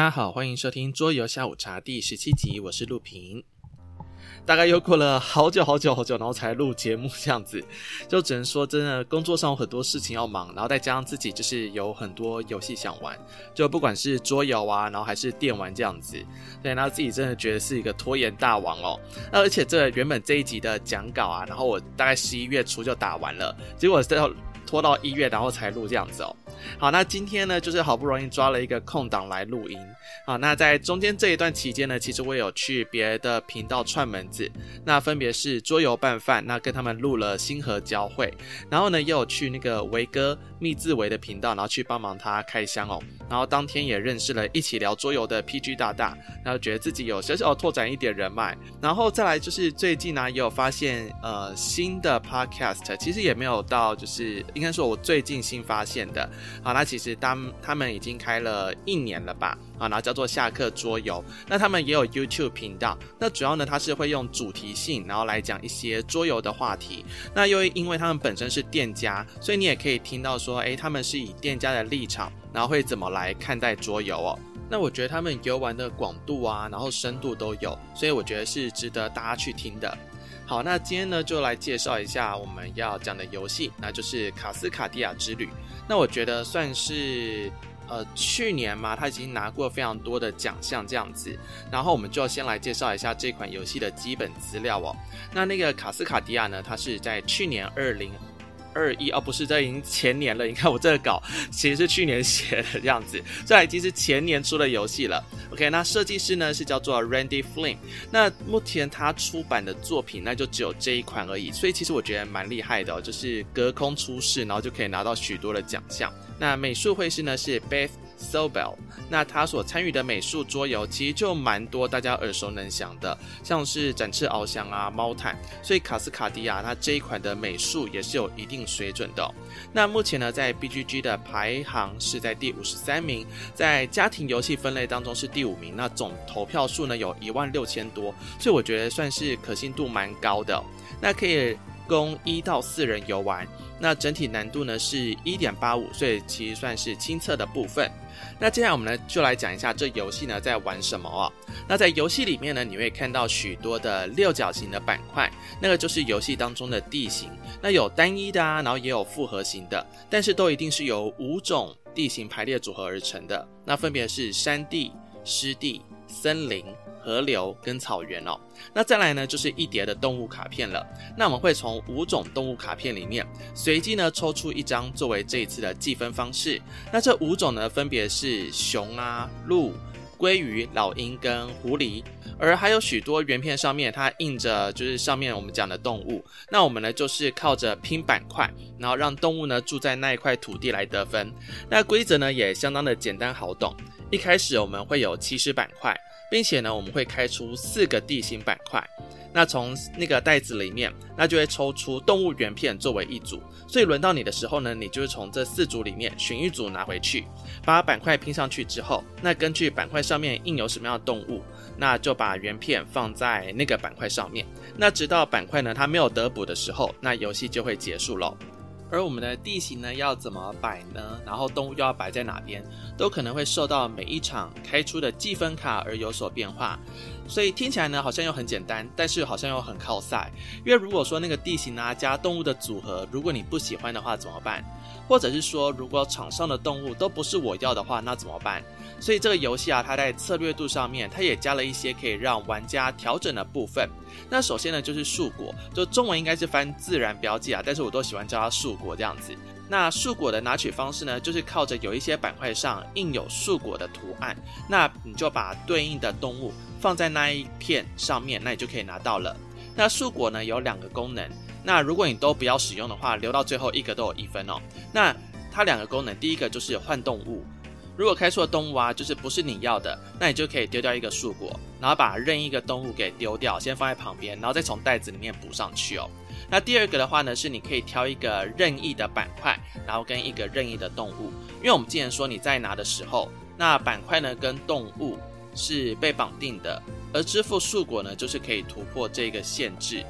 大家好，歡迎收聽桌遊下午茶第十七集，我是陸平。大概又過了好久好久好久，然後才錄節目這樣子，就只能說真的工作上有很多事情要忙，然後再加上自己就是有很多遊戲想玩，就不管是桌遊啊，然後還是電玩這樣子，對，那自己真的覺得是一個拖延大王哦。那而且這原本這一集的講稿啊，然後我大概十一月初就打完了，結果最後拖到一月，然後才錄這樣子哦。好，那今天呢，就是好不容易抓了一個空檔來錄音。好，那在中間這一段期間呢，其實我有去別的頻道串門子，那分別是桌遊拌飯，那跟他們錄了星河交匯，然後呢，也有去那個維哥密字維的頻道，然後去幫忙他開箱哦，然後當天也認識了一起聊桌遊的 PG 大大，然後覺得自己有小小拓展一點人脈，然後再來就是最近呢、啊，也有發現呃新的 podcast，其實也沒有到，就是應該說我最近新發現的，好，那其實當他們已經開了一年了吧，好，然後叫做下課桌遊，那他們也有 YouTube 頻道，那主要呢，他是會用，主題性，然後來講一些桌遊的話題。那又因為他們本身是店家，所以你也可以聽到說，誒，他們是以店家的立場，然後會怎麼來看待桌遊哦。那我覺得他們遊玩的廣度啊，然後深度都有，所以我覺得是值得大家去聽的。好，那今天呢，就來介紹一下我們要講的遊戲，那就是《卡斯卡迪亞之旅》。那我覺得算是。呃，去年嘛，他已經拿過非常多的獎項這樣子，然後我們就要先來介紹一下這款遊戲的基本資料哦。那那個卡斯卡迪亞呢，它是在去年二零。二一哦，不是，這已經前年了。你看我這個稿，其實是去年寫的這樣子。這已經是前年出的遊戲了。OK，那設計師呢是叫做 Randy Flynn。那目前他出版的作品那就只有這一款而已。所以其實我覺得蠻厲害的哦，就是隔空出世，然後就可以拿到許多的獎項。那美術繪師呢是 Beth。Sobel，那他所參與的美術桌遊其實就蠻多，大家耳熟能詳的，像是展翅翱翔啊、貓坦，所以卡斯卡迪亞它這一款的美術也是有一定水準的。那目前呢，在 BGG 的排行是在第五十三名，在家庭遊戲分類當中是第五名。那總投票數呢有一萬六千多，所以我覺得算是可信度蠻高的。那可以供一到四人遊玩。那整體難度呢是一點八五，所以其實算是輕策的部分。那接下來我們呢就來講一下這遊戲呢在玩什麼哦。那在遊戲裡面呢，你會看到許多的六角形的板塊，那個就是遊戲當中的地形。那有單一的啊，然後也有複合型的，但是都一定是由五種地形排列組合而成的。那分別是山地、濕地、森林。河流跟草原哦，那再來呢就是一疊的動物卡片了。那我們會從五種動物卡片裡面隨機呢抽出一張作為這一次的計分方式。那這五種呢分別是熊啊、鹿、鮭魚、老鷹跟狐狸，而還有許多圓片上面它印着就是上面我們講的動物。那我們呢就是靠着拼板塊，然後讓動物呢住在那一塊土地來得分。那規則呢也相當的簡單好懂。一開始我們會有七十板塊。並且呢，我們會開出四個地形板塊。那從那個袋子裡面，那就會抽出動物圓片作為一組。所以輪到你的時候呢，你就是從這四組裡面選一組拿回去，把板塊拼上去之後，那根據板塊上面印有什麼樣的動物，那就把圓片放在那個板塊上面。那直到板塊呢它沒有得補的時候，那遊戲就會結束嘍。而我們的地形呢，要怎麼擺呢？然後動物又要擺在哪邊，都可能會受到每一場開出的計分卡而有所變化。所以聽起來呢，好像又很簡單，但是好像又很靠賽。因為如果說那個地形啊，加動物的組合，如果你不喜歡的話怎麼辦？或者是說如果場上的動物都不是我要的話，那怎麼辦？所以這個遊戲啊，它在策略度上面，它也加了一些可以讓玩家調整的部分。那首先呢，就是樹果，就中文應該是翻自然標記啊，但是我都喜歡叫它樹果這樣子。那樹果的拿取方式呢，就是靠着有一些板塊上印有樹果的圖案，那你就把對應的動物放在那一片上面，那你就可以拿到了。那樹果呢有兩個功能，那如果你都不要使用的話，留到最後一格都有一分哦。那它兩個功能，第一個就是換動物。如果開出的動物啊，就是不是你要的，那你就可以丟掉一個樹果，然後把任意一個動物給丟掉，先放在旁邊，然後再從袋子裡面補上去哦。那第二個的話呢，是你可以挑一個任意的板塊，然後跟一個任意的動物，因為我們之前說你在拿的時候，那板塊呢跟動物是被綁定的，而支付樹果呢就是可以突破這個限制。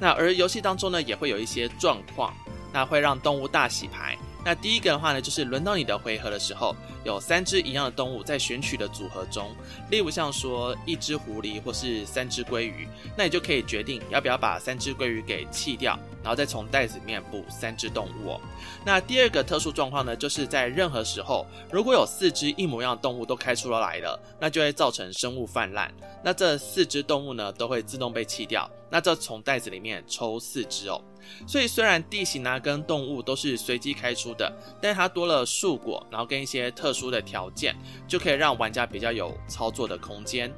那而遊戲當中呢也會有一些狀況，那會讓動物大洗牌。那第一個的話呢，就是輪到你的回合的時候，有三隻一樣的動物在選取的組合中，例如像說一隻狐狸或是三隻鮭魚，那你就可以決定要不要把三隻鮭魚給棄掉。然後再從袋子裡面補三隻動物哦，那第二個特殊狀況呢，就是在任何時候，如果有四隻一模一樣的動物都開出了來了，那就會造成生物氾濫，那這四隻動物呢都會自動被棄掉，那就從袋子裡面抽四隻哦，所以雖然地形呢、啊、跟動物都是隨機開出的，但是它多了樹果，然後跟一些特殊的條件，就可以讓玩家比較有操作的空間。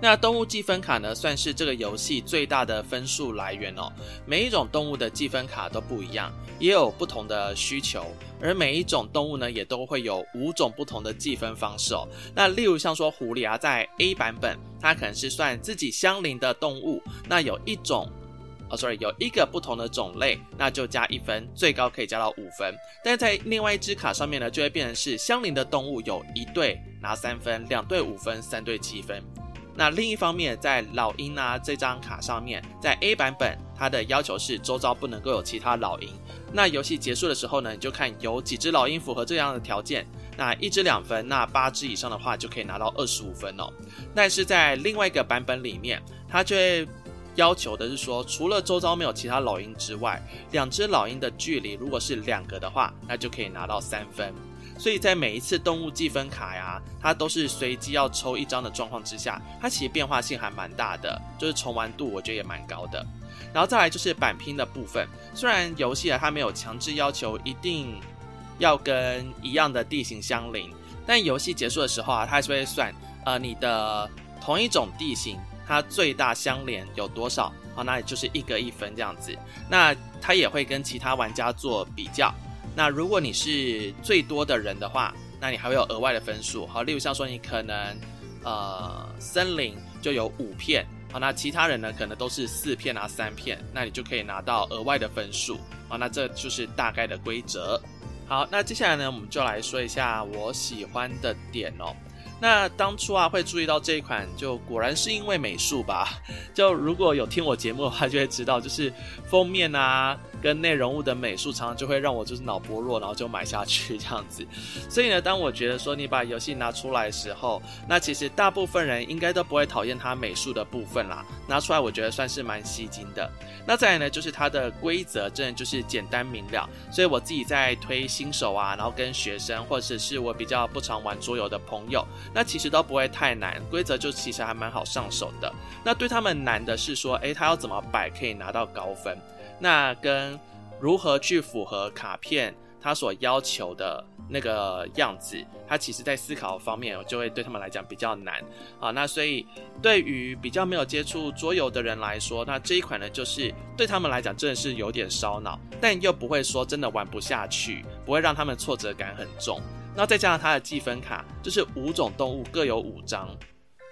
那動物計分卡呢，算是這個遊戲最大的分數來源哦。每一種動物的計分卡都不一樣，也有不同的需求。而每一種動物呢，也都會有五種不同的計分方式哦。那例如像說狐狸啊，在 A 版本，它可能是算自己相鄰的動物。那有一種，哦，oh, sorry，有一個不同的種類，那就加一分，最高可以加到五分。但在另外一支卡上面呢，就會變成是相鄰的動物有一對拿三分，兩對五分，三對七分。那另一方面，在老鷹啊這張卡上面，在 A 版本，它的要求是周遭不能夠有其他老鷹。那遊戲結束的時候呢，你就看有幾隻老鷹符合這樣的條件。那一隻兩分，那八隻以上的話就可以拿到二十五分哦。但是在另外一個版本裡面，它就會要求的是說，除了周遭沒有其他老鷹之外，兩隻老鷹的距離如果是兩格的話，那就可以拿到三分。所以在每一次動物計分卡呀，它都是隨機要抽一張的狀況之下，它其實變化性還蠻大的，就是重玩度我覺得也蠻高的。然後再來就是版拼的部分，雖然遊戲啊它沒有強制要求一定要跟一樣的地形相鄰，但遊戲結束的時候啊，它還是會算呃你的同一種地形它最大相連有多少啊，那也就是一格一分這樣子，那它也會跟其他玩家做比較。那如果你是最多的人的話，那你還會有額外的分數。好，例如像說你可能，呃，森林就有五片，好，那其他人呢，可能都是四片啊，三片，那你就可以拿到額外的分數。好，那這就是大概的規則。好，那接下來呢，我們就來說一下我喜歡的點哦。那當初啊會注意到這一款，就果然是因為美術吧。就如果有聽我節目的話，就會知道，就是封面啊。跟內容物的美術，常常就會讓我就是腦波弱，然後就買下去這樣子。所以呢，當我覺得說你把遊戲拿出來的時候，那其實大部分人應該都不會討厭它美術的部分啦。拿出來，我覺得算是蠻吸睛的。那再來呢，就是它的規則，真的就是簡單明了。所以我自己在推新手啊，然後跟學生或者是我比較不常玩桌遊的朋友，那其實都不會太難。規則就其實還蠻好上手的。那對他們難的是說，哎、欸，他要怎麼擺可以拿到高分？那跟如何去符合卡片它所要求的那個樣子，它其實在思考方面，就會對他們來講比較難啊。那所以對於比較沒有接觸桌遊的人來說，那這一款呢，就是對他們來講真的是有點燒腦，但又不會說真的玩不下去，不會讓他們挫折感很重。那再加上它的計分卡，就是五種動物各有五張，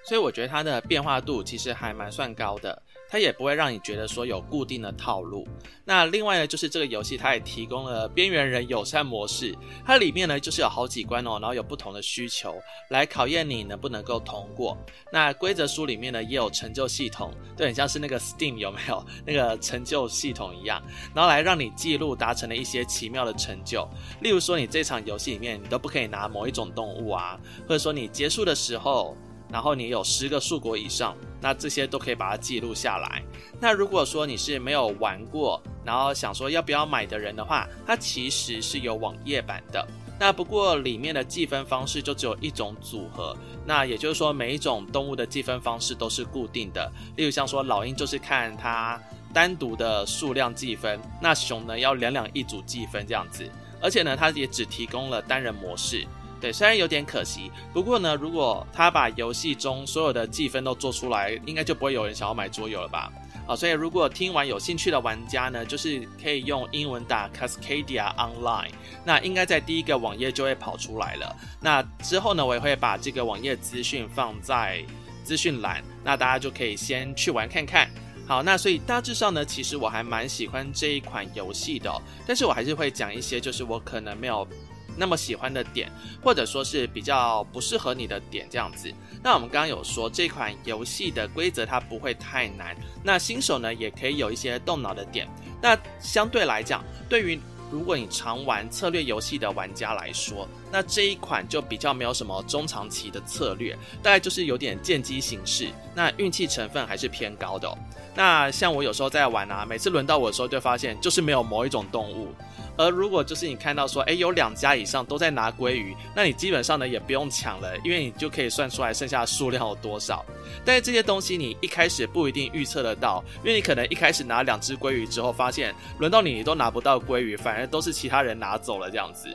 所以我覺得它的變化度其實還蠻算高的。它也不會讓你覺得說有固定的套路。那另外呢，就是這個遊戲它也提供了邊緣人友善模式，它裡面呢就是有好幾關哦，然後有不同的需求來考驗你能不能夠通過。那規則書裡面呢也有成就系統，對，很像是那個 Steam 有沒有那個成就系統一樣，然後來讓你記錄達成了一些奇妙的成就。例如說，你這場遊戲裡面你都不可以拿某一種動物啊，或者說你結束的時候，然後你有十個數果以上，那這些都可以把它記錄下來。那如果說你是沒有玩過，然後想說要不要買的人的話，它其實是有網頁版的。那不過裡面的計分方式就只有一種組合，那也就是說每一種動物的計分方式都是固定的。例如像說老鷹就是看它單獨的數量計分，那熊呢要兩兩一組計分這樣子。而且呢，它也只提供了單人模式。對，雖然有點可惜，不過呢，如果他把遊戲中所有的計分都做出來，應該就不會有人想要買桌遊了吧？好，所以如果聽完有興趣的玩家呢，就是可以用英文打 Cascadia Online，那應該在第一個網頁就會跑出來了。那之後呢，我也會把這個網頁資訊放在資訊欄，那大家就可以先去玩看看。好，那所以大致上呢，其實我還蠻喜歡這一款遊戲的喔，但是我還是會講一些，就是我可能沒有。那麼喜歡的點，或者說是比較不適合你的點，這樣子。那我們剛剛有說這款遊戲的規則它不會太難，那新手呢也可以有一些動腦的點。那相對來講，對於如果你常玩策略遊戲的玩家來說，那這一款就比較沒有什麼中長期的策略，大概就是有點見機行事，那運氣成分還是偏高的哦。那像我有時候在玩啊，每次輪到我的時候就發現就是沒有某一種動物。而如果就是你看到說，誒、欸，有兩家以上都在拿鮭魚，那你基本上呢也不用搶了，因為你就可以算出來剩下的數量有多少。但是這些東西你一開始不一定預測得到，因為你可能一開始拿兩隻鮭魚之後，發現輪到你你都拿不到鮭魚，反而都是其他人拿走了這樣子。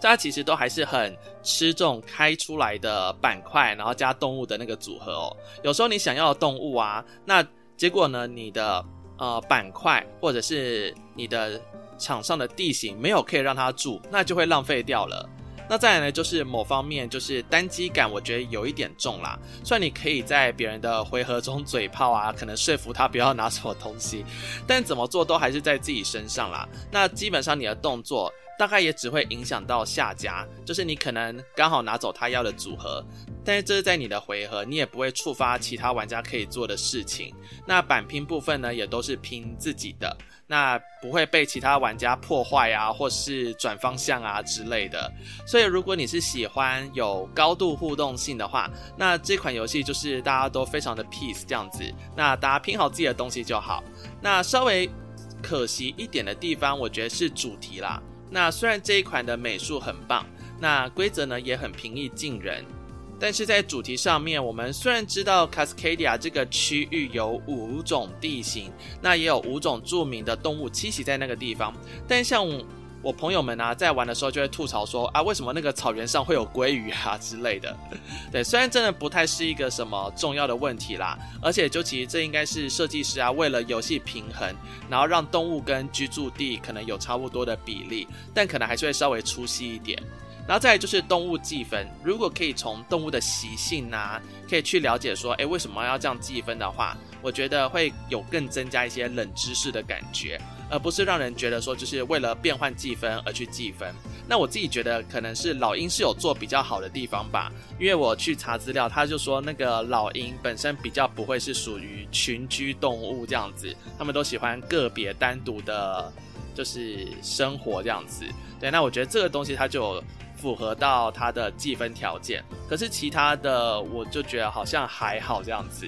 大家其實都還是很吃這種開出來的板塊，然後加動物的那個組合哦、喔。有時候你想要的動物啊，那結果呢你的呃板塊或者是你的。場上的地形沒有可以讓他住，那就會浪費掉了。那再來呢，就是某方面就是單機感，我覺得有一點重啦。雖然你可以在別人的回合中嘴炮啊，可能說服他不要拿什麼東西，但怎麼做都還是在自己身上啦。那基本上你的動作。大概也只會影響到下家，就是你可能剛好拿走他要的組合，但是這是在你的回合，你也不會觸發其他玩家可以做的事情。那版拼部分呢，也都是拼自己的，那不會被其他玩家破壞啊，或是轉方向啊之類的。所以如果你是喜歡有高度互動性的話，那這款遊戲就是大家都非常的 peace 這樣子，那大家拼好自己的東西就好。那稍微可惜一點的地方，我覺得是主題啦。那雖然這一款的美術很棒，那規則呢也很平易近人，但是在主題上面，我們雖然知道 Cascadia 這個區域有五種地形，那也有五種著名的動物棲息在那個地方，但像。我朋友們呢、啊，在玩的時候就會吐槽說啊，為什麼那個草原上會有鮭魚啊之類的？對，雖然真的不太是一個什麼重要的問題啦，而且就其實這應該是設計師啊，為了遊戲平衡，然後讓動物跟居住地可能有差不多的比例，但可能還是會稍微出戲一點。然後再來就是動物計分，如果可以從動物的習性吶、啊，可以去了解說，哎、欸，為什麼要這樣計分的話，我覺得會有更增加一些冷知識的感覺。而不是讓人覺得說就是為了變換計分而去計分。那我自己覺得可能是老鷹是有做比較好的地方吧，因為我去查資料，他就說那個老鷹本身比較不會是屬於群居動物這樣子，他們都喜歡個別單獨的，就是生活這樣子。對，那我覺得這個東西它就符合到它的計分條件。可是其他的，我就覺得好像還好這樣子。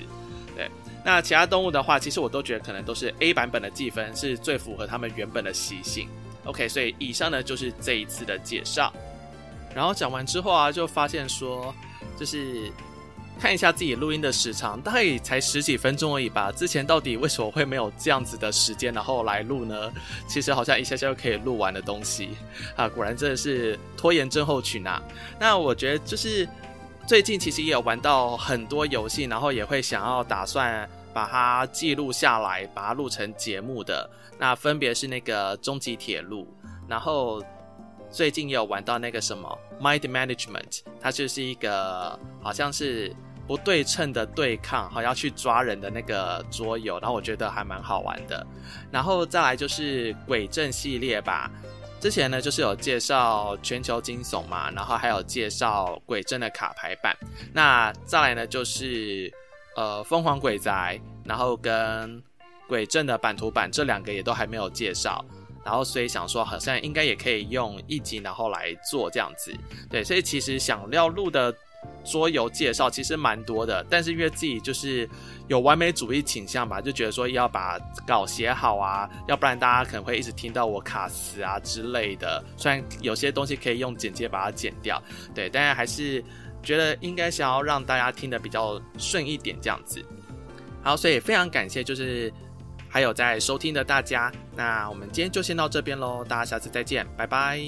那其他動物的話，其實我都覺得可能都是 A 版本的計分是最符合他們原本的習性。OK，所以以上呢就是這一次的介紹。然後講完之後啊，就發現說，就是看一下自己錄音的時長，大概也才十幾分鐘而已吧。之前到底為什麼會沒有這樣子的時間，然後來錄呢？其實好像一下下就可以錄完的東西啊，果然真的是拖延症候群啊。那我覺得就是。最近其實也有玩到很多遊戲，然後也會想要打算把它記錄下來，把它錄成節目的。那分別是那個《終極鐵路》，然後最近也有玩到那個什麼《Mind Management》，它就是一個好像是不對稱的對抗，好像去抓人的那個桌遊，然後我覺得還蠻好玩的。然後再來就是《鬼陣》系列吧。之前呢，就是有介紹《全球驚悚》嘛，然後還有介紹《鬼陣》的卡牌版，那再來呢，就是呃《瘋狂鬼宅》，然後跟《鬼陣》的版圖版，這兩個也都還沒有介紹，然後所以想說好像應該也可以用一集然後來做這樣子，對，所以其實想要錄的。桌遊介紹其實蠻多的，但是因為自己就是有完美主義傾向吧，就覺得說要把稿寫好啊，要不然大家可能會一直聽到我卡詞啊之類的。雖然有些東西可以用剪接把它剪掉，對，但是還是覺得應該想要讓大家聽得比較順一點這樣子。好，所以非常感謝，就是還有在收聽的大家。那我們今天就先到這邊嘍，大家下次再見，拜拜。